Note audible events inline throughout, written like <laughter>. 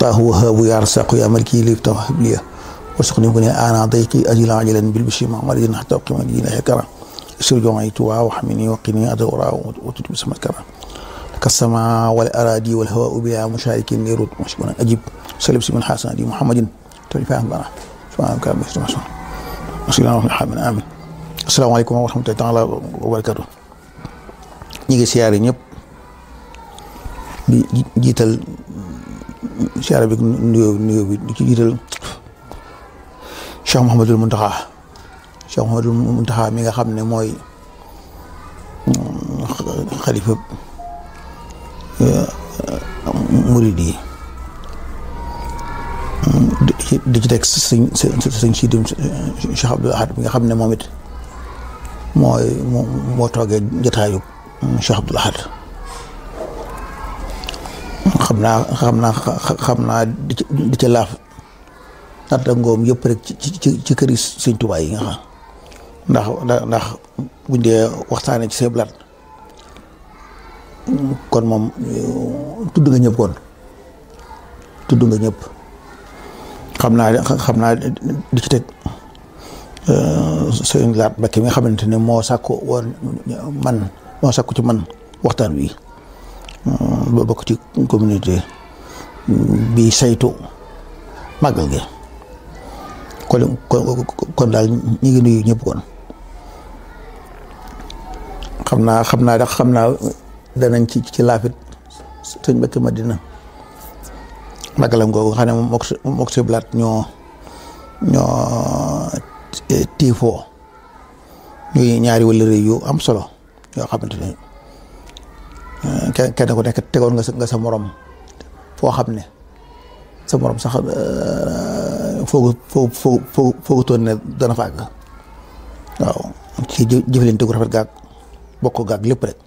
طاهوها ويرساق يا ملكي لي توهب لي واسقني بني انا ضيقي اجل عجلا بالبشي مع مريض حتى اقيم دين كرم اسر جمعي توعى وحميني وقني ادورا وتجب سمى كرا لك السماء والاراضي والهواء بلا مشارك يرد مشكورا أجيب سلبس من حسن دي محمد تلفاهم بنا سبحان كان بشر مسلم وسلام الحمد آمن السلام عليكم ورحمه الله وبركاته نيجي سياري نيب ñëpp ci arabik nuyoo nuyoo bi di ci jiital Cheikh Mouhamadul mi nga xam ne mooy mm, xalifa uh, murid yi mm, di ci teg sëñ sëñ si dim Cheikh Ahad mi nga xam ne moom it mooy moo toogee jotaayu mm, Cheikh Abdoul Ahad xam naa xam naa xam naa di ci di ci laaf natta ngoom yëpp rek ci ci ci këri Sëñ Tuubaa yi nga xam ndax ndax buñ dee waxtaanee ci seen blaat kon moom tudd nga ñëpp tudd nga ñëpp xam naa xam naa di ci teg euh, sëñ laat Mbàkke mi nga xamante ni moo sàkku woon man moo sàkku ci man waxtaan wi ba bokk ci communauté mm, bi saytu màggal gi kon kon daal ñu ngi nuyu ñëpp kon xam naa xam naa xam naa danañ ci ci laafit sëñ Mbàkke Madina màggalam googu xam ne mook mook si blaat ñoo ñoo tiifoo ñuy ñaari wala rëy am solo yoo xamante ne Eh, kenn ku nekk tegoon nga sa nga sa morom foo xam ne sa morom sax eh, foogu foogu foogu foogu toon ne dana fa àgg waaw ci jëflante gu rafet gaag bokk gaag lépp rek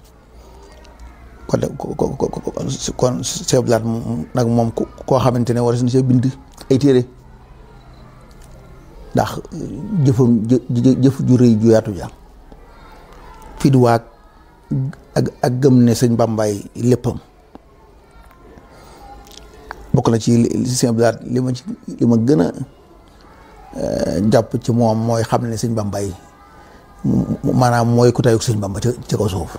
kon de kon Cheikh Blaat nag moom koo xamante ne war na see bind ay téere ndax eh, jëfam jëf ju rëy ju yaatu ja fit waag ak ak gëm ne sëñ bàmbaay léppam bokk na ci sëñ Abdou Lahad li ma ci li ma gën a euh, jàpp ci moom mooy xam ne sëñ bàmbaay maanaam mooy ku tayuk sëñ bàmba ci kaw suuf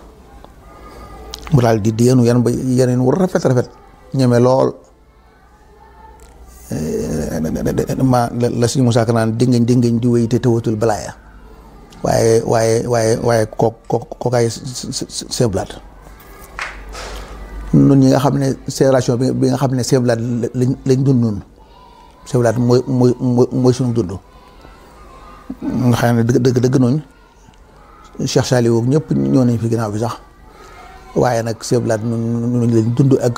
mu daal di di yenu yan yeneen wu rafet rafet ñeme lool euh, ma la suñu musaaka naan dingañ dingañ di wéy te tëwatul balaaya waaye waaye waaye waaye ko ko kookaay Sëñ Blaat nun ñi nga xam ne génération bi nga xam ne Sëñ Blaat lañ lañ dund nun Sëñ Blaat mooy mooy mooy suñu dund nga xam ne dëgg dëgg dëgg nooñ Cheikh Saliou ñëpp ñoo nañ fi ginnaaw bi sax waaye nag Sëñ Blaat nun lañ dund ak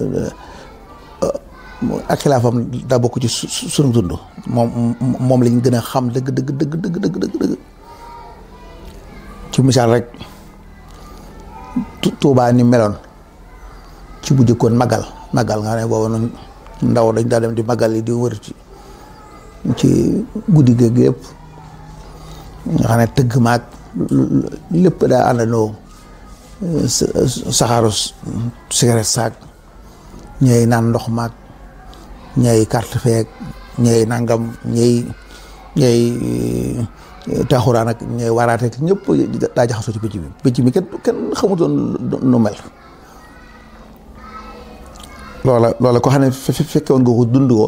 euh, ak xilaafam daa bokk ci suñu dund moom moom lañ gën a xam dëgg dëgg dëgg dëgg dëgg dëgg ci misaal rek touba ni melon ci bu jikon magal magal nga ne bo noonu ndaw dañ da dem di magal yi di wër ci ci guddi géeg yëpp nga ne teug mak lepp da àndandoo saxaaru cigarette saag ñooy nan ndox mak ñooy carte fek ñooy nangam ñooy ñooy taaxuraan ak ñooy waaraate ak ñëpp daa jaxasoo ci bëcc bi bëcc bi kenn kenn xamutoon nu mel loola loola ko xam ne fekke woon nga ko dund ko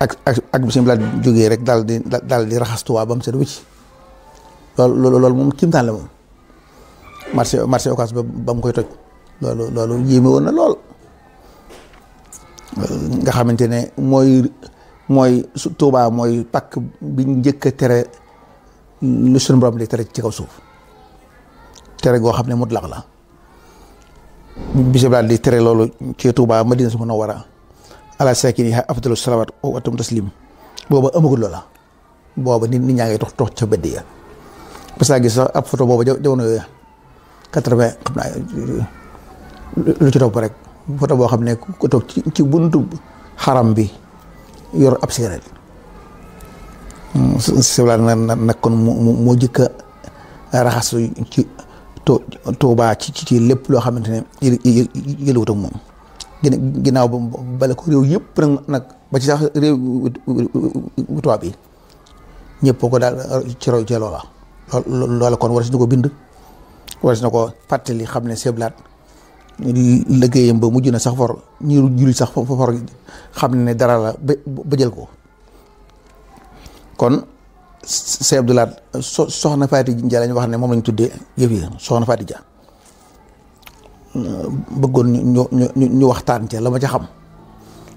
ak ak ak bi laa jógee rek daal di daal di raxas Tuubaa ba mu set loolu loolu moom kimtaan la moom marché marché occas ba ba koy toj loolu loolu yéeme na lool nga xamante ne mooy mooy Tuubaa mooy pàkk bi njëkk tere lu suñu borom di tere ci kaw suuf tere goo xam ne mutlaq la bisimilah di tere loolu ci Touba ma su mën a war a ala sakin yi afdalu salawaat watum taslim booba amagul loola booba nit nit ñaa ngi tox tox ca bëdd ya parce que gis sax ab photo booba jamono yooyu quatre-vingt xam naa lu ci topp rek photo boo xam ne ku toog ci buntu xaram bi yor ab séeréer sibla nag kon moo jëkk a raxasu ci tuubaa ci ci lépp loo xamante ne yëluwut ak moom ginnaaw ba bala ko réew yëpp nag ba ci sax réew tubaab yi ñëpp ko daal ci roy ci loola kon war si na ko bind war si na ko fàttali xam ne seblaat liggéeyam ba mujj na sax for ñu julli sax for xam ne dara la ba jël ko kon Cheikh soxna Faati Dia lañ wax ne moom lañ tuddee yëf soxna Faati Dia bëggoon ñu ñu ñu waxtaan ca la ma ca xam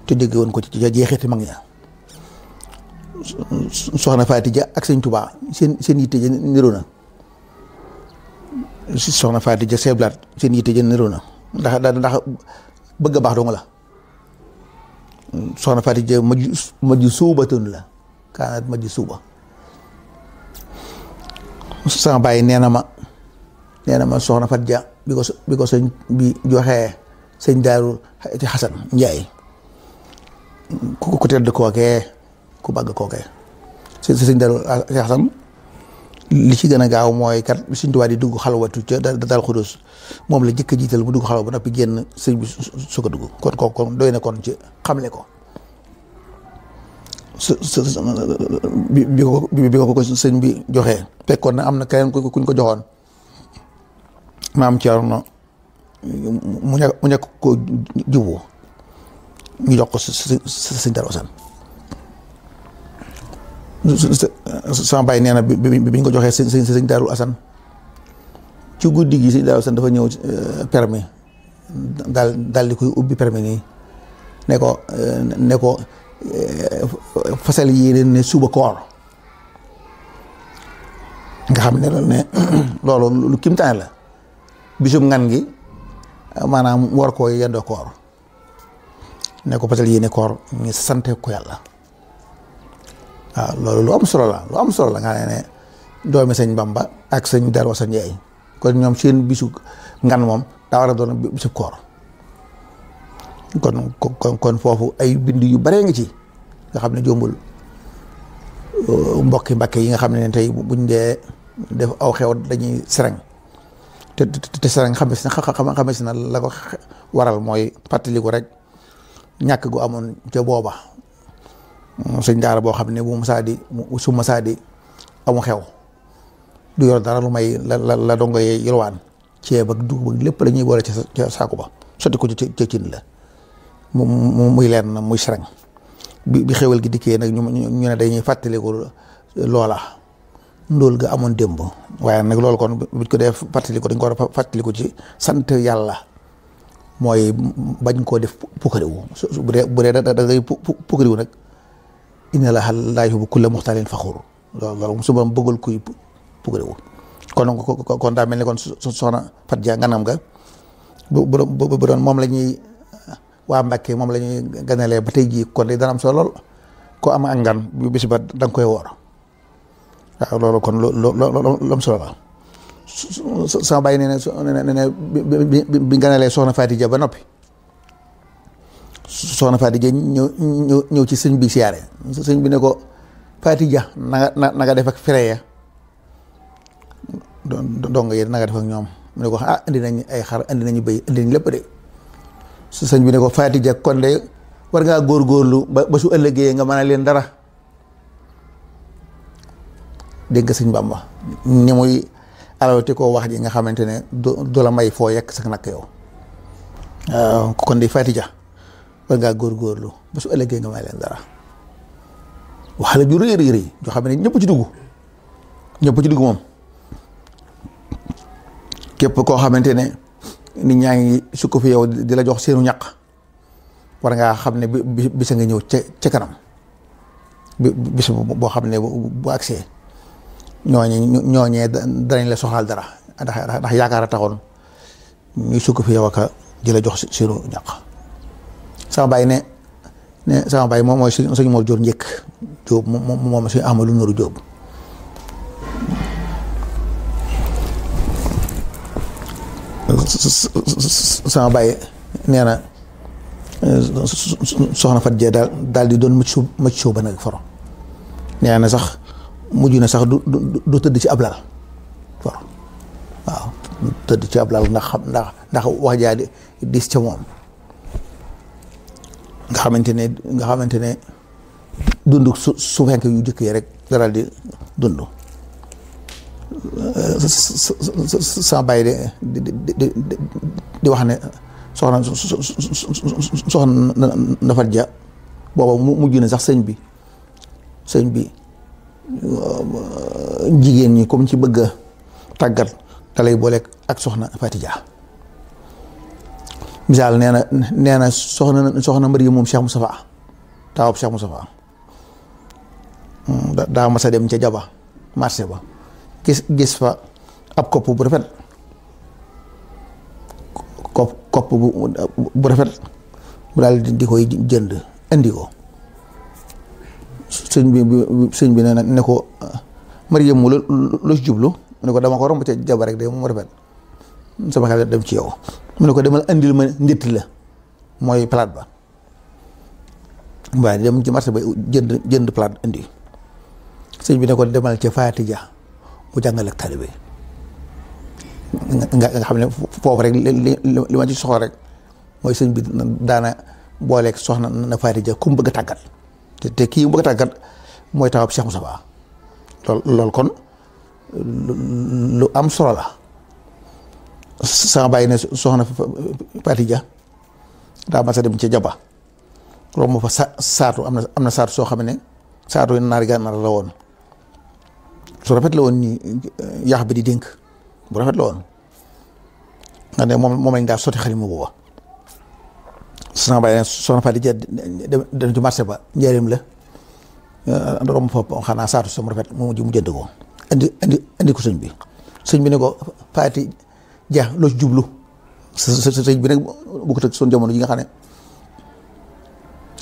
te dégg woon ko ci ca jeexiti mag ña soxna Faati ja ak sëñ Touba seen seen yitte ja niroo na soxna Faati Dia Cheikh Abdou Lahad seen yitte ja niroo na ndax da ndax bëgg a baax dong la soxna Faati Dia maju maju suubatoon la كانت مجسوبة sama bay neena ma neena ma soxna fat ja bi ko bi ko señ bi joxe señ daru ci hasan njay ku ko tedd ke ku bag koke señ daru ci hasan li ci gëna gaaw moy kat suñ tuwaa di dugg xalwatu ci dal khudus mom la jëkk jital bu dugg xalwa ba noppi génn sëñ bi su ko dugg kon kon doyna kon ci xamle ko bi ko bi ko ko sëñ bi joxee fekkoon na am na keneen kuñ ko joxoon maam Thierno mu ñàkk mu ñàkk ko juboo ñu jox ko sëñ Darou Assane sama baay nee na bi bi ñu ko joxee sëñ sëñ Darou Assane ci guddi gi sëñ Darou Assane dafa ñëw euh, permis daal daal di koy ubbi permis nii ne ko euh, ne ko Eh, fasal yéene ne suba koor nga xam ne loolu ne <clears throat> loolu lu la bisub ngan gi eh, maanaam war koo yeddoo koor ne ko fasal yéene koor ñu sante ko yàlla waaw loolu lu am solo la lu am solo la nga ne ne doomi sëñ Bamba ak sëñ Darou Assane Ndiaye kon ñoom seen bisu ngan moom daa war a doon bisub koor kon kon kon foofu ay bind yu baree nga ci nga xam ne jombul euh, mbokki mbakk yi nga xam ne tey buñ dee def aw xew dañuy sereng te te sereng xam na xames na la ko waral mooy fàttaliku rek ñàkk gu amoon ca booba sëñ daara boo xam ne bu mu saadi su ma saadi amu xew du yor dara lu may la la la dongo yee yelwaan ceeb ak dugub ak lépp la ñuy boole ci saako ba sotti ko ci cin la mu muy leen na muy sarañ bi bi xewal gi dikkee nag ñu ñu ne dañuy fàttaliku loola ndóol ga amoon démb waaye nag loolu kon buñ ko dee fàttaliku dañ ko war a fàttaliku ci sant yàlla mooy bañ koo def pukkariwu bu dee bu dee da ngay pukkariwu nag inna laaha laa yuhibbu kulla muxtaalin faxuur loolu loolu su borom bëggul kuy pukkariwu kon kon daa mel ni kon soxna Fatou Dia nganam nga bu bu doon moom la ñuy waa Mbàkke moom lañuy ñuy ganalee ba tey jii kon dana am solo lool ko am ak ngan bu bis ba da koy wor waaw loolu kon loo loo loo am solo la sama bàyyi bi bi ganalee soxna Faati Ja ba noppi soxna Faati ñëw ñëw ci sëñ bi siyaare sëñ bi ne ko Faati Ja na nga na def ak fere ya dong yi na nga def ak ñoom mu ne ko ah indi nañ ay xar indi nañu béy nañ lépp de. su señ bi ne ko fati ja kon de war nga gor ba ba su ëllëgee nga mën a leen dara dégg señ sëñ Bàmba ni muy alawati ko wax ji nga xamantene ne la may fo yek sax nak yow kon de fati ja war gor gorlu ba su ëllëgee nga mën a leen dara wax ju rëy rëy jo joo ñepp ci duggu ñepp ci duggu mom képp ko xamantene nit ñaa ngi sukk fi yow di la jox seenu ñaq war ngaa xam ne bi bisa nga ñëw ca ca kanam bi bis boo xam ne bu agsee ñooñe ñooñee danañ la soxlaal dara ndax ndax yaakaar a taxoon ñuy sukk fi yow aka di la jox seenu ñaq sama bàyyi ne ne sama bàyyi moom mooy sa suñu moor jóor njëkk jóob moom moom suñu amalu nuru jóob sama baay nee na soxna Fat Jee daal daal di doon mëccu mëccu ba nag foro nee na sax mujj na sax du du tëdd ci ab lal foro waaw tëdd ci ab lal ndax xam ndax ndax wax jaa di diis ca moom nga xamante ne nga xamante ne dund su su fenk yu jëkk yi rek daal di dund sama bàyyi de di wax ne soxna soxna Ndafar Ja booba mu mujj na sax sëñ bi sëñ bi euh, jigéen ñi comme ci bëgg a tàggat dalay boole ak soxna Fatija misaal nee na nee na soxna soxna Mariam moom Cheikh Moustapha taawab Cheikh Moustapha mm, daa mas a dem ca jaba marché ba gis gis fa ab kopp bu rafet kopp kopp bu bu rafet mu di koy jënd indi ko sëñ bi sëñ bi ne ko Mariam mu lu jublu mu ne ko dama ko romb ca jabar rek de mu dem ci yow mu ne ko demal indil ma ndétti la ba waaye ci marché ba jënd jënd indi sëñ bi ne ko demal ca mu jàngal ak taalibe xam ne foofu rek li li ma ci soxla rek mooy sëñ bi daana booleek soxna na faari ja ku mu bëgg tàggat te te kii mu bëgg tàggat mooy tawab Cheikh Moussa Ba lool loolu kon lu am solo la sama bàyyi ne soxna faari ja daa mas a dem ca jaba romb fa sa saatu am na am na saatu soo xam ne saatu naari gànnaar la woon su rafet la woon ni eh, yaax bi di dénk bu rafet la woon nga ne moom moom lañ daa sotti xarit mu booba soxna Baye soxna ba njëriñ la romb eh, foofu xanaa saatu sama rafet mu mujj mu jënd ko indi indi ko sëñ bi sëñ bi ne ko Fatou Dia loo ci jublu sëñ bi nag bu ko tëgg son jamono ji nga xam ne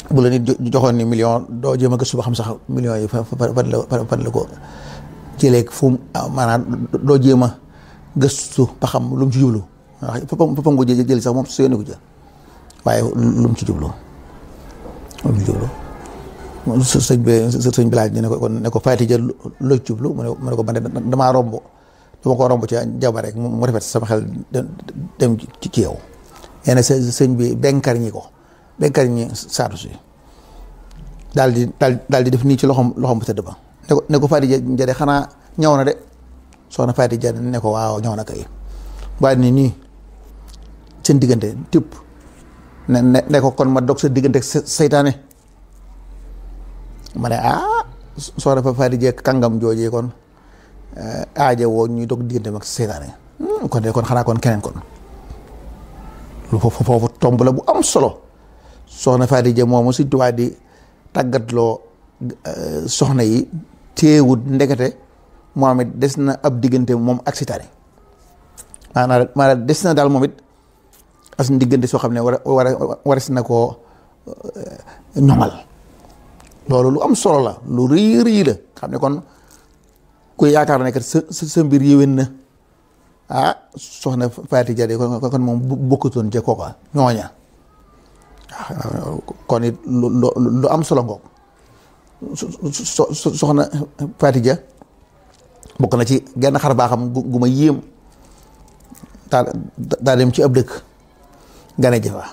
bu la nit joxoon ni million doo jéem a ba xam sax million yi fan fan la ko. ci leeg fu mu ah, maanaam doo jéem a gëstu ba xam lu mu ci jublu ndax fapam ko jël sax moom su yónni ko jël waaye lu mu ci jublu lu mu ci jublu sëñ bi sëñ bi laaj ne ko ne ko faati jël loo jublu mu ne mu ne ko man damaa romb dama ko romb ci jaba rek mu rafet sama xel dem ci ci yow nee na sëñ bi benkar ñi ko benkar ñi saatu si daal di daal di def nii ci loxom loxom bu tëdd ba ne ko ne ko Faty xanaa ñaw na de soxna Faty Diagne ne ko waaw ñëw na kay waaye nii seen diggante tipp ne ne kon ma dog sa diggante seytaane ma ne ah soxna Faty Diagne kàngam joojee kon eh, aaje woo ñuy dog diggante mag seytaane hmm, kon de kon xanaa kon keneen kon foofu tomb la bu am solo soxna Faty Diagne moomu si tubaab di tàggatloo eh, soxna yi téewut ndekete moom it des na ab diggante moom ak sitaani maanaam maanaam des na daal moom it as diggante soo xam ne war war wares na ko euh, ñoŋal loolu lu am solo la lu rëy rëy la xam ne kon yaakaar ne mbir yéwén na ah soxna Faati Jade kon kon moom bokkatoon ca kooka ñooña ah, kon it lu am solo ngoog soxna Faatija bokk na ci genn xar baaxam gu ma yéem taa daa dem ci ab dëkk gane jëfa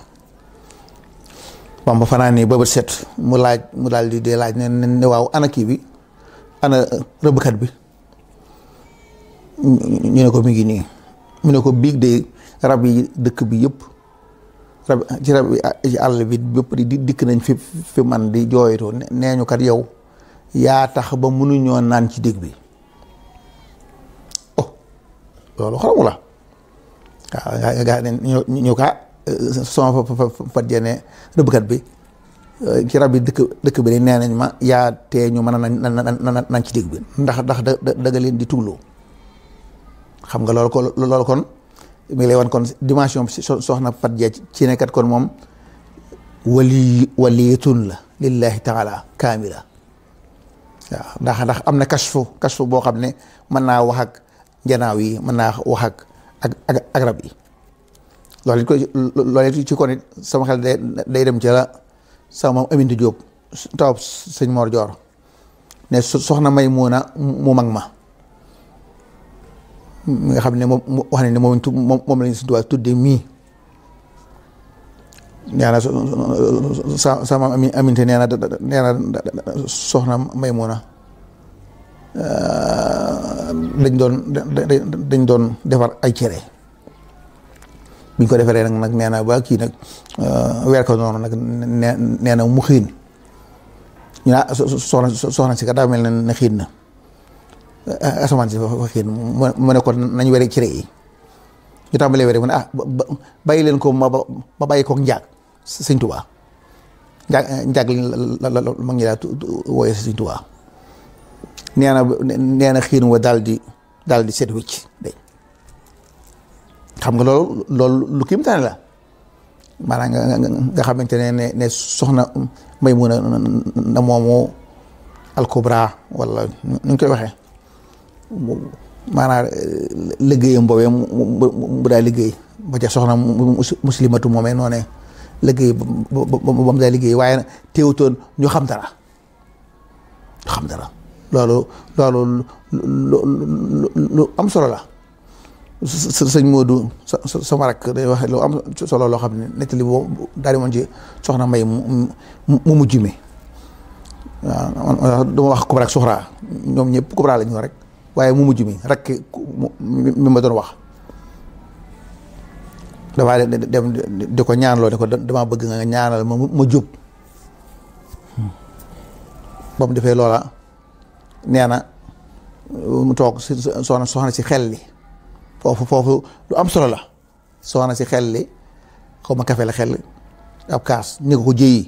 bamba fanaan ni booba set mu laaj mu daal di dee laaj ne ne waaw ana kii bi ana rëbbkat bi ñu ne ko mi ngi nii mu ne ko biig de rab yi dëkk bi yépp rab ci rab ci àll bi bépp di dikk nañ fi fi man di jooytu nee ñu kat yow yaa tax ba mënuñoo naan ci dég bi oh loolu xaramu la waaw gaa ñu ñu kaa euh, sama fa fa fa jene rëbbkat bi euh, ci rab bi dëkk dëkk bi de nee nañ ma yaa tee ñu mën a na naan ci dég bi ndax ndax da da nga leen di tugloo xam nga loolu ko loolu kon ملي وان كون ديماسيون سوخنا فات جي سي نيكات كون موم ولي وليت لله تعالى كامله داخ داخ امنا كشف كشف بو خامني مانا واخك جناوي مانا واخك اك عربي لولي كو لولي تي كون سما خال داي دم جلا سما امين ديوب توب سيغ مور جور ني سوخنا ميمونه مو ماغ ما mi nga xam ne moom wax nañ ne moom moom moom lañ suñu tudde mii nee na sa sa maam ami aminte nee na euh, dañ doon dañ doon defar ay cere biñ ko defaree nag nag nee na ba kii nag euh, weer ko noonu nag nee na mu xiin ñu naa soxna si ka daa mel na xiin na Eh, asamaan si fa xiin mu ne ko nañ were cere yi ñu tàmbalee were mu ne ah bàyyi leen ko ma ba bàyyi koog njaag sëñ tubaa njaag na nee na di daal di set wicc day nga loolu lu kiim tane nga nga xamante ne ne ne soxna Maymuna na moomu alkubra wala nu koy waxee maanaam euh, liggéeyam boobee mu daa liggéey ba ca soxna muslimatu moomee noo ne liggéey ba mu daa liggéey waaye teewutoon ñu xam dara ñu xam dara loolu loolu lu am solo la sëñ Modou sama rakk day wax lu am solo loo xam ne nettali boobu daal di moon ci soxna May mu mu mujj mi waaw dama wax Kubra ak ñoom ñëpp Kubra la ñu rek waaye mu mujj mi rakk mi ma doon wax damaa dem di ko ñaanloo ne ko damaa bëgg nga ñaanal ma ma jub ba mu defee loola nee na mu toog si soxna soxna si xel li foofu foofu lu am solo la soxna si xel li xaw ma kafe la xel ab kaas ni ko ko jëyi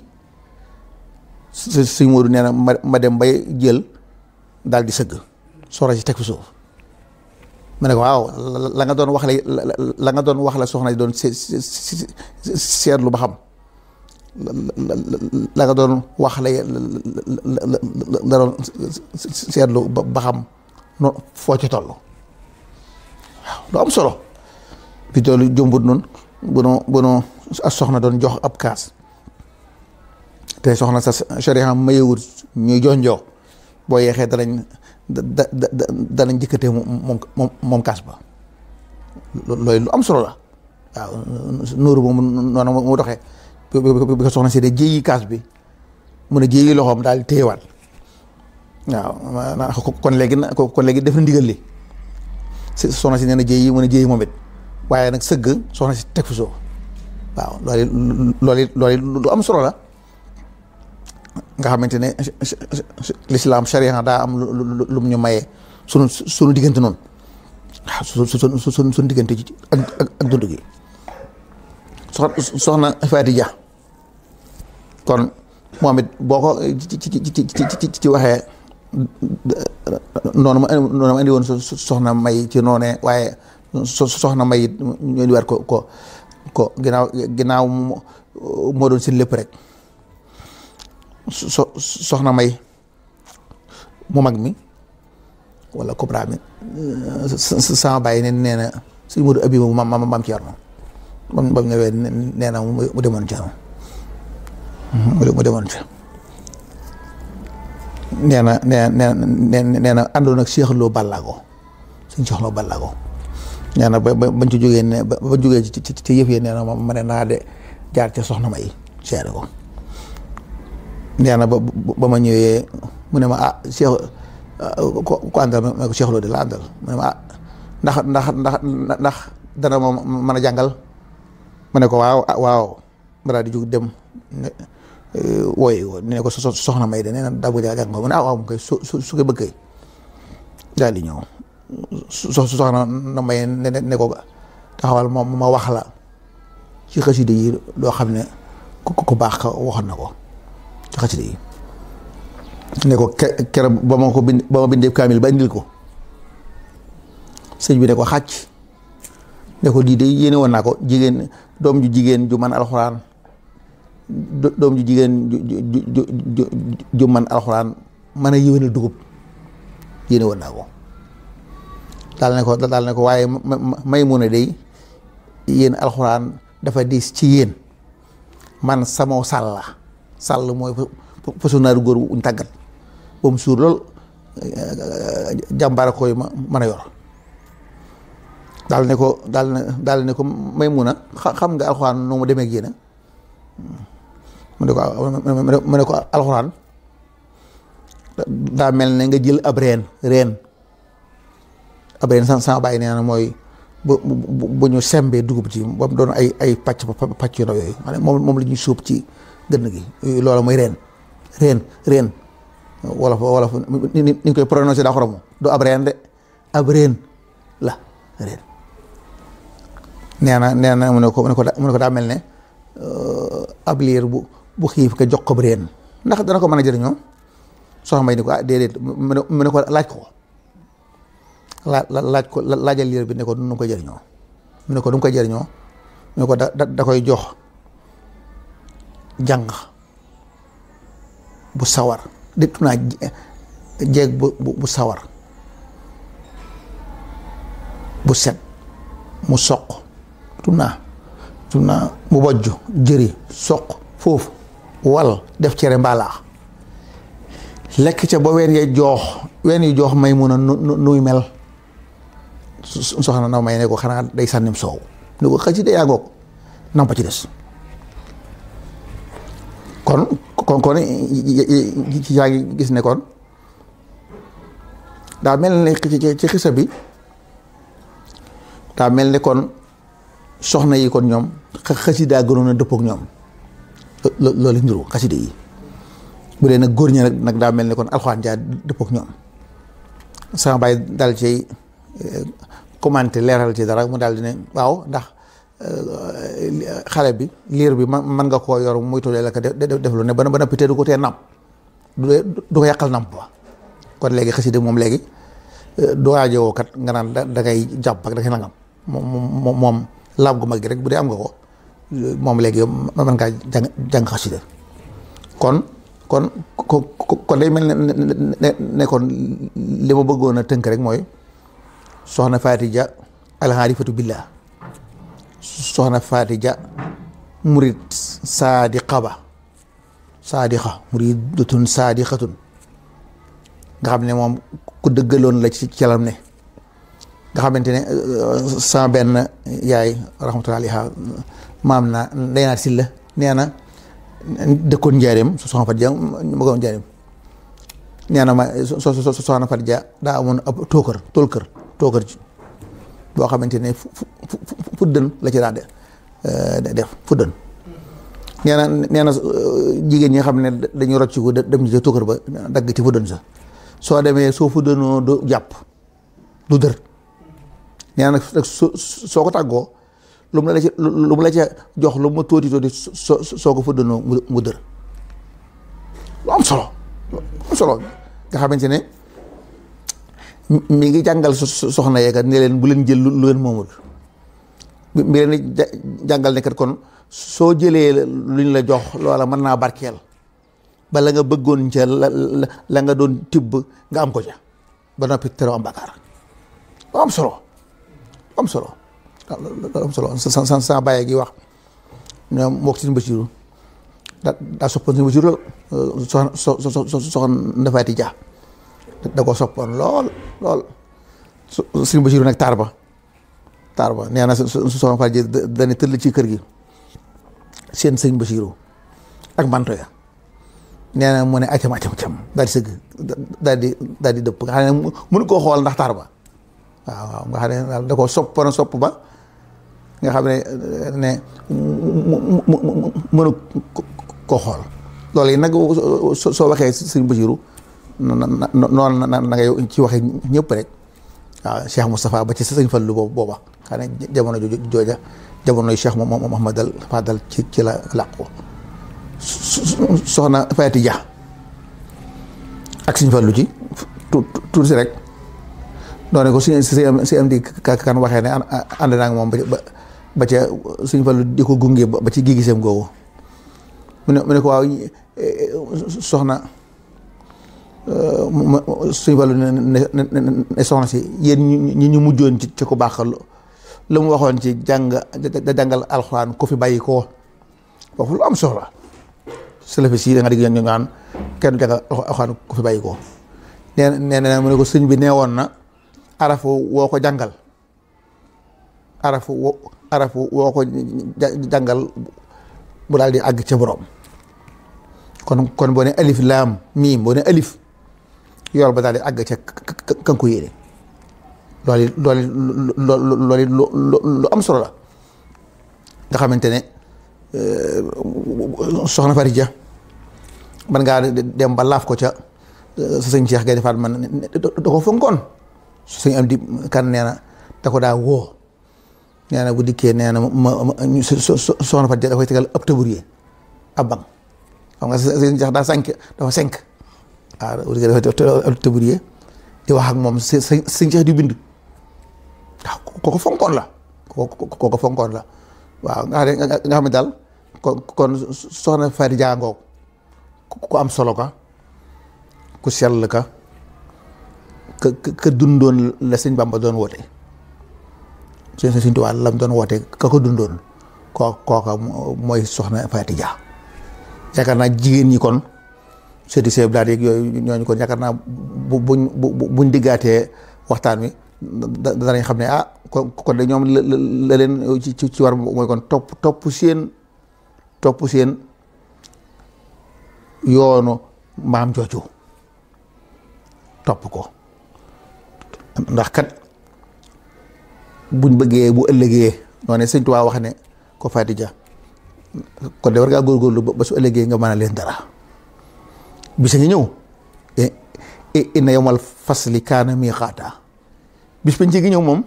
su suñ Moodu nee na ma dem bay jël daal di sëgg soxna si teg fi suuf mu ne ko waaw la nga doon wax la nga doon wax la soxna doon seetlu ba xam la nga doon wax la la doon foo ci toll waaw lu am solo bi doolu jombut noonu bu nu bu nu as soxna doon jox ab kaas te soxna sa sharia mayewut ñuy jonjoo boo yeexee danañ da da da danañ njëkkatee moom moom moom kaas ba looy lu am solo la waaw nuuru boobu noonu mu doxee bi ko si dee jéeyi kaas bi mu ne jéeyi loxoom daal téyewaat waaw kon léegi na kon léegi def na ndigal li si soxna si nee na jéeyi mu ne jéeyi moom it waaye nag sëgg soxna si teg fu soo waaw loolu loolu loolu lu am solo la. nga xamante ne l'islam charia daa am lu mu ñu maye sunu sunu diggante noonu waaw su su su sunu diggante ji ak ak ak dund soxna soxna Faty Dia kon moom it boo ko ci ci ci ci waxee noonu ma noonu ma indi woon soxna may ci noonee waaye soxna may it ñu indiwaat ko ko ko ginnaaw ginnaaw moo doon seen lépp rek. so soxna May mu mag mi wala Kubra mi sama bàyyi ne nee na suñu Modou Abi ma ma maam Thierno moom bam ñëwee nee na mu demoon ca mu demoon ca nee na nee na nee na àndoon ak Cheikh Lo Ballago suñ Cheikh Lo Ballago nee na ba bañ ci jógee ne ba jógee ci ci ci yi nee na ma ne naa de jaar ca soxna May seere ko. nee na ba ma ñëwee mu ne ma a ah, Cheikh ah, ku àndal ma ko Cheikh de la àndal mu ne ma ah ndax ndax ndax ndax dana ma mën a jàngal ma ne ko waaw ah, waaw ma daal di jug dem eh, wooye ko soxna may de nee na bëgg a jàng mu waaw mu koy su su su ko bëggee daal di ñëw soxna may ne ko taxawal ma ma wax la ci xasida yi loo xam ne ku baax waxoon na ko ci xasida yi ne ko kere ba ma ko bind ba ma bindee kaamil ba indil ko sëñ bi ne ko xàcc ne ko lii de yéene woon naa ko jigéen doom ju jigéen ju man alxuraan doom ju jigéen ju ju man alxuraan mën a yéwénal dugub yéene woon naa ko daal ne ko daal ne ko waaye may mun a day yéen alxuraan dafa diis ci yéen man samoo sàlla sàll mooy façon naaru góor bu ñu tàggat ba mu suur lool jàmbaara koy ma mën a yor daal ne ko daal ne daal ne ko may mun a xam nga alxuraan noo ma demee génna mu ne ko ah, ne ko alxuraan daa mel ne nga jël ab reen reen ab reen sama sama bàyyi nee na mooy bu bu ñu sembee dugub ci ba doon ay ay pàcc pàcc yu ndaw yooyu moom moom la ñuy sóob ci dënn gi loola mooy reen reen reen wolof wolof ni ñu koy prononcé daa xoromu du ab reen de ab reen la reen nee na nee na mu ne ko mu ne ko ko daa mel ne euh, ab liir bu bu xiif ka jox ko reen ndax dana ko mën a jëriñoo soxna May ni ko ah déedéet mu ne ko laaj ko laa laaj ko laajal liir bi ne ko nu mu koy jëriñoo mu ne ko nu ko da da koy jox jàng bu sawar déttu naa jeeg bu bu sawar bu set mu soq tunaa tunaa mu bojj jëri soq foofu wal def cere mbaalaax lekk ca ba ween ya joox ween yu joox may mun a nuy mel soxna na may ne ko xanaa day sànnim soow ni ko xëcc day àggoog nampa ci des kon kon kon yaa ngi gis ne kon daa mel ne ci xisa bi daa mel ne kon soxna yi kon ñoom xasida gënoon a dëppook ñoom loolu ndiru xasida yi bu dee nag góor ñi nag nag daa mel ne kon alxuraan jaa dëppook ñoom sama bàyyi dal ci eh, commenté leeral ci dara mu daal di ne waaw ndax xale bi liir bi man nga koo yor muy tulee la ko def lu ne ba noppi te du ko te nàmp du ko yàqal nàmp wa kon léegi xasida moom léegi euh, doo aajowoo kat nga naan da ngay jàpp ak da nangam moom moom laab gu mag gi rek bu dee am nga ko moom léegi yow mën ngaa jàng jàng xasida kon kon kon day mel ne ne kon li ma bëggoon a tënk rek mooy soxna Faati Ja alxaarifatu billah soxna Faati Ja murid saadiqa ba saadiqa muridatun saadiqatun nga xam ne moom ku dëggaloon la ci calam ne nga xamante ne euh, sama benn yaay rahmatullahi alayha maam naa day naa silla nee na dëkkoon njaareem soxna Faty Dia ma mm, goon njaareem nee na ma soxna Faty Dia daa amoon ab tookër tool kër tookër boo xamante ne fu fu fu fuddën la ci daan def euh, fuddën nee na nee euh, jigéen ñi nga xam ne ci rocciku dem ci tukkar ba dagg ci fuddën sa soo demee soo fuddënoo du jàpp lu dër nee soo ko tàggoo lu mu la ca lu mu la ca jox lu mu tóoti tóoti soo soo ko fuddënoo mu dër lu am solo lu am solo nga xamante ne mi ngi jàngal soxna yeekat ne leen bu leen jël lu leen moomul mi leen jàngal nekkat kon soo jëlee lu ñu la jox loola mën naa barkeel bala nga bëggoon ca la nga doon tibb nga am ko ca ba noppi teroo am bàkkaar am solo am solo am solo san san san bàyyi gi wax na mook sin Basiru daa soppoon sin Basiru lool soxna soxna Ndafati Dia da ko soppoon lool lool su suñu Basiru nag taar ba taar ba nee na su su soxna Faal ji dañuy tëll ci kër gi seen sëñ bu Basiru ak manto ya nee na mu ne acam acam cam daal di sëgg daal di dëpp nga xam ne mënu koo xool ndax taar ba waaw waaw nga xam ne daal da koo soppoon sopp ba nga xam ne ne mënu koo xool loolu yi nag soo waxee sëñ Basiru na noonu na nga yow ci waxee ñëpp rek waaw mu Moustapha ba ci sëñ Fallu boobu booba xam ne jamono jooja jamonoy Cheikh moom ma dal Fadal ci ci la làqu soxna Faati Ja ak sëñ Fallu ci tuuti si rek doone ko suñu si am di kan waxee ne ànd moom ba ba ca sëñ Fallu di ko gunge ba ci gigiseem googu mu ne mu ne ko waaw e, e, soxna suñu wàllu ne soxna ci yeen ñi ñu mujjoon ci ci ko baxal lu mu waxoon ci jang da jàngal alxuraan ko fi bayiko koo lu am soxla salafi si da nga dégg ñu ngaan kenn jàngal alxuraan ko fi bayiko koo nee mu ne ko sëñ bi nee na arafu woo ko arafu wo arafu woo ko bu daldi ag ci borom kon kon bo ne alif lam mim bo ne alif yool ba daal di àgg ca kan yéene loolu loolu loolu lu am solo la nga xamante ne euh, soxna Fari Dia man ngaa dem ba laaf ko ca euh, su sëñ Cheikh Gaïndé Fatma man da ko fonkoon su sëñ am di kan nee na da daa woo bu dikkee nee na ma soxna Fari Dia da koy tegal ab tabouret ab bang xam nga sëñ Cheikh daa sànk dafa sànk ah wala nga def tabrier moom sëñ sëñ Cheikh la kooku kooku fonkoon la waaw nga xam ne nga xam ne ku am solo ka ku sell ka ka ka dundoon la sëñ Bamba doon woote sëñ sëñ Tuubaa lam doon woote ka ko dundoon koo kooka mooy soxna Fadi Dia yaakaar naa jigéen ñi kon. sëti sëñ Blaat yeeg yooyu ñooñu kon yaakaar naa bu buñ buñ diggaatee waxtaan wi danañ xam ne ah kon kon de ñoom la leen ci war mooy kon topp topp seen topp seen yoonu maam jooju topp ko ndax kat buñ bëggee bu ëllëgee noo ne sëñ Tuubaa wax ne ko Fatidia kon de war ngaa góorgóorlu ba su ëllëgee nga mën a leen dara bisa ngi ñëw eh, eh, inna yawmal fasli kaana miqaata bis penc gi ñëw moom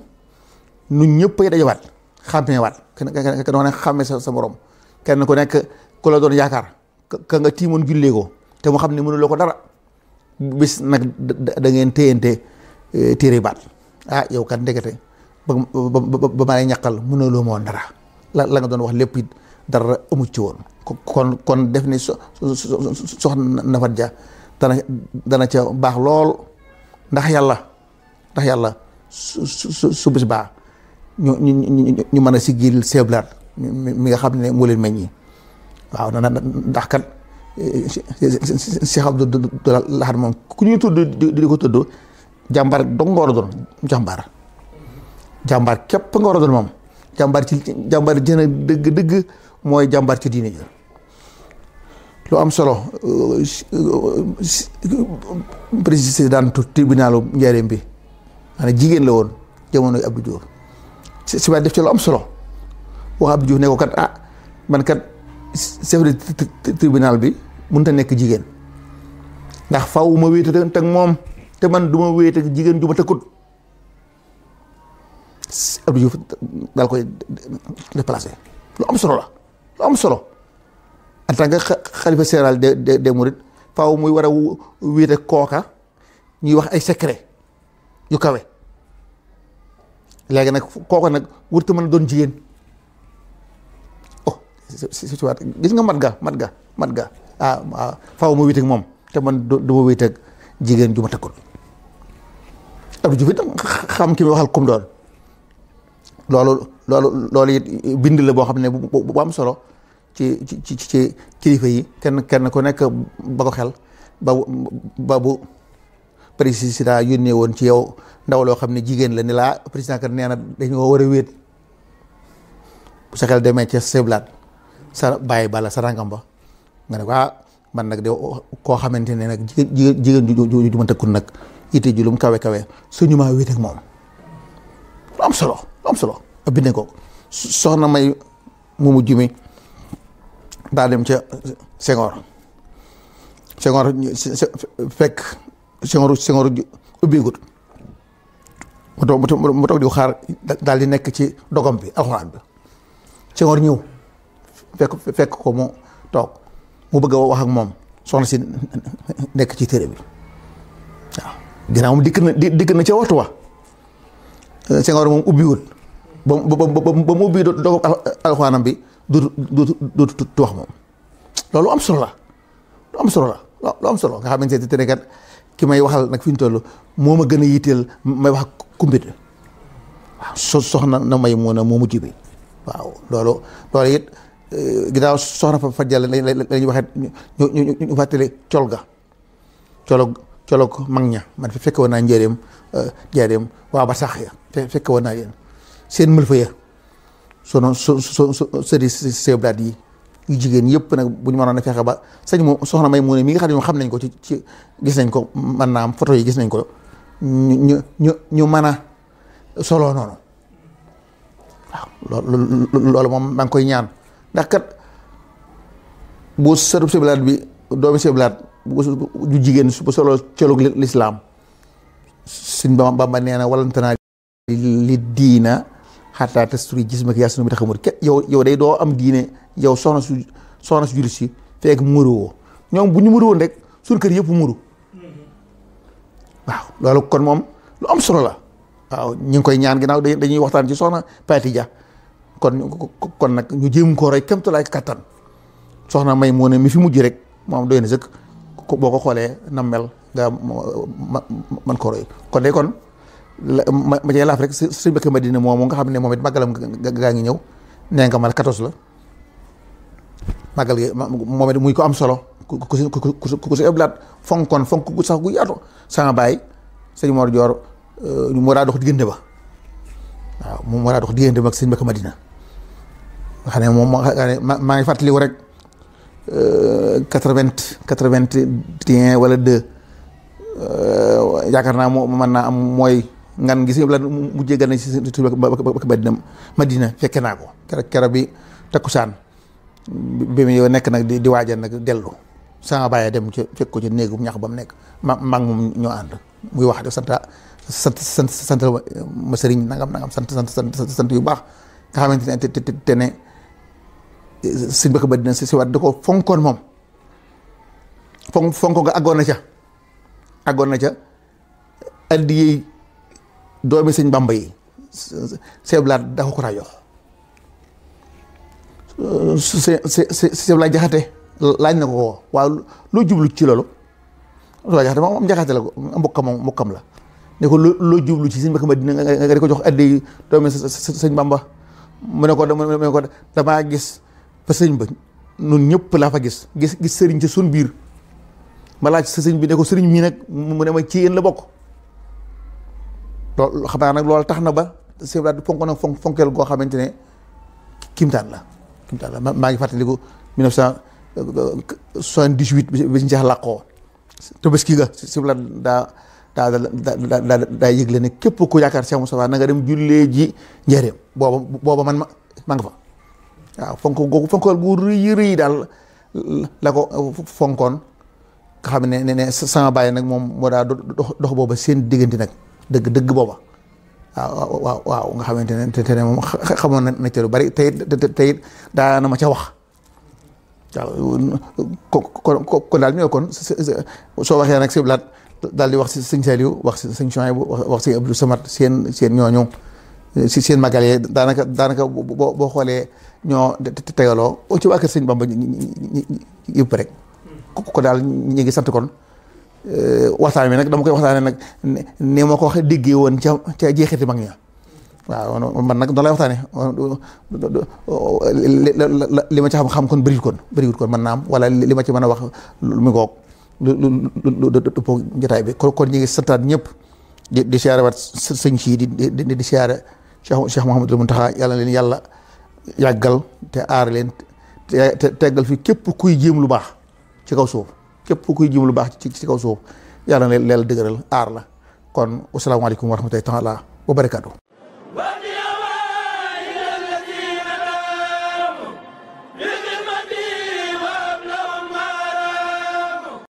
nu ñëpp ay dajawaat xàmmeewaat kenn kenn ne xàmmee sa sa morom kenn ku nekk ku la doon yaakaar ka nga tiimoon jullee ko te mu xam ni mënuloo ko dara bis nag da ngeen téyante eh, téere baat ah yow kat ndekete ba ba ba ma lay ñaqal mënuloo ma woon dara la la nga doon wax lépp it dara amu ci woon. kon kon def ni soxna Nafat Dia dana dana ci bax lol ndax yalla ndax yalla su bis ba ñu ñu ñu ñu mën a siggil mi nga xamne mo leen meññi waaw na ndax kat Cheikh Abdou lahar mom ku ñu tuddu di ko tuddu jambar do ngor do jambar jambar kep ngor do mom jambar ci jambar jën deug deug moy jambar ci diine ji lu am solo présidente tribunalu Njaaréem bi maanaam jigéen la woon jamono Abdou Diouf si waay def ci lu am solo wax Abdou Diouf ne ko kat ah man kat chef de tribunal bi mënut a nekk jigéen ndax faaw ma wéete ak moom te man du ma wéete jigéen ju ma tëkkut Abdou Diouf daal koy déplacé lu am solo la lu am solo. en tant que xalifa général de des mourides faaw muy war a wéete kooka ñuy wax ay secret yu kawe léegi nag kooka nag wut mën a doon jigéen oh gis nga mat ga mat ga mat ga faw ah, ah, faaw mu wéeteeg moom te man du ma wéeteeg jigéen ju ma takkul Abdou Diouf itam xam ki muy waxal kum doon loolu loolu loolu it bind la boo xam ne bu am solo ci ci ci kilifa yi kenn kenn ku nekk ba ko xel ba ba bu président woon ci yow ndaw loo xam ne jigéen la ni laa président kat nee na dañoo war a wéet bu sa xel demee ca seblaat sa bàyyi bala sa ràngam ba nga ne ko ah, man nag de koo xamante ne nag jigéen jigéen ju ju ma tëkkun nag ite ju lum kawe kawe suñu maa wéet ak moom am solo am solo ab bindee ko soxna may mu mujj mi daa dem ca Senghor Senghor fekk Senghor Senghor ubbeegut mu toog mu toog di xaar daal di nekk ci dogom bi alxuraan bi Senghor ñëw fekk ko mu toog mu bëgg a wax moom soxna si nekk ci téere bi waaw ginnaaw moom dikk na dikk na ca waxtu wa Senghor moom ubbiwut ba mu ba mu ubbi dogom alxuraanam bi dootu dootu dootu wax moom loolu am solo la lu am solo la lu am solo nga xamante ne kat ki may waxal nag fi ñu toll moo ma gën a yitteel may wax kumbit waaw so soxna na may mu ne moomu jibe waaw loolu loolu it eh, ginnaaw soxna fa fajal la ñuy waxee ñu ñu ñu fàttali col ga colog colog mag ña man fi fekke woon naa njëriñam eh, njëriñam waaw ba sax ya fekke woon naa yéen seen mël fa ya sono so so sëri seeblaat yi yu jigéen yëpp nag bu ñu mënoon a fexe ba sëñ mo soxna may mu mi nga xam ne ñoom xam nañ ko ci ci gis nañ ko mën naa am photo gis nañ ko ñu mën a soloo noonu waaw loolu maa ngi koy ñaan ndax bu sërub seeblaat bi doomi seeblaat bu jigéen bu soloo colug lislaam suñ Bamba nee na walante naa li diina xataa tasturi jisma ki yasunu bi tax xamul kenn yow yow day doo am diine yow soxna su soxna su jullit si mu muru woo ñoom bu ñu muru woon rek suñu kër yëpp muru waaw loolu kon moom lu am solo la waaw ñu ngi koy ñaan ginnaaw dañuy waxtaan ci soxna Pati Dia kon kon nag ñu jéem koo rek kémtulaay kattan soxna may moo ne mi fi mujj rek moom doy na sëkk boo ko xoolee na mel nga man ko kon de kon ma ma cay laaf rek sëñ Mbàkke Madina moomu nga xam ne moom it màggalam gaa ngi ñëw nee nga ma la 14 la màggal gi moom it muy ko am solo ku ku ku ku ku si eblaat fonkoon fonk gu sax gu yaatu sama baay sëñ Mor Dior euh, ñu mu war a dox diggante ba waaw moom mu war a dox diggante ba ak sëñ Mbàkke Madina nga xam ne moom maa ngi fàttaliku rek euh, quatre-vingt quatre-vingt-un wala deux euh, yaakaar naa moo mën naa am mooy. ngan gi seigne abdoulaye mu jéggal na ci madina madina fekk na ko kéra kéra bi takusan bi mi yow nek nak di wajjan nak delu sama baye dem ci fekk ko ci neegum ñax ba nek ma mag moom ñoo muy wax de santa sant sant sant ma sëriñ nangam nangam sant sant sant sant yu bax nga xamanteni ne te te ne sëñ bakk ba dina ci ci wat dako fonkon mom fonk fonk nga agona ca agona ca andi doomi sëñ Bàmba yi seeblaat da ko ko daa jox seeblaat jaxate laaj na ko ko loo jublu ci loolu seeblaat jaxate moom jaxate la ko mbokkam moom mbokkam la ne ko loo jublu ci sëñ Mbàkke Madina nga di ko jox addi doomi sëñ Bàmba mu ne ko mu ne ko damaa gis fa sëñ ba nun ñëpp laa fa gis gis gis sëriñ ci sun biir ma laaj sa sëñ bi ne ko sëriñ mii nag mu ne ma ci yéen la bokk loolu xam nag loolu tax na ba Sëñ Abdou fonk na fonk fonkeel goo xamante ne kimtaan la kimtaan la maa ngi fàttaliku 1978 bi ci làqoo tabaski ga Sëñ Abdou daa daa daa daa daa yëgle ne képp ku yaakaar Cheikh sa na nanga dem jullee ji njëriñam booba booba man ma maa fa waaw fonk googu fonkeel gu rëy rëy daal la ko fonkoon nga xam ne ne ne sama bàyyi nag moom moo daa dox dox booba seen diggante nag. dëgg dëgg booba waaw waaw waaw nga xamante ne te ne moom xamoon na ci lu bari tey tey daa na ma ca wax waaw ko ko daal ñu kon soo waxee nag si laat daal di wax si sëñ Saliou wax si sëñ Chouaïb wax si Abdou Samad seen seen ñooñu si seen magalee daanaka daanaka boo boo xoolee ñoo tegaloo ci waa kër sëñ Bamba yëpp rek ko daal ñu ngi sant kon. Eh, waxtaan wi nag dama koy waxtaanee nag ni ma ko waxee diggee woon ca ca jeexiti mag ña waaw man nag noonu lay waxtaanee li ma ci xam xam kon bëriwul kon bëriwul man naam wala li ma ci mën a wax mi lu lu lu dëppoo jotaay bi kon kon ñu ngi santaat ñëpp di di siyaare wat sëñ si di di di siyaare Cheikh Cheikh Mouhamadul Mountakha yàlla leen yàlla yàggal te aar leen te teggal fi képp kuy jéem lu baax ci kaw suuf. képp kuy jiw lu baax ci ci kaw suuf yàlla na leen dëgëral aar la kon wasalaamaaleykum wa rahmatullahi taala wa barakaatu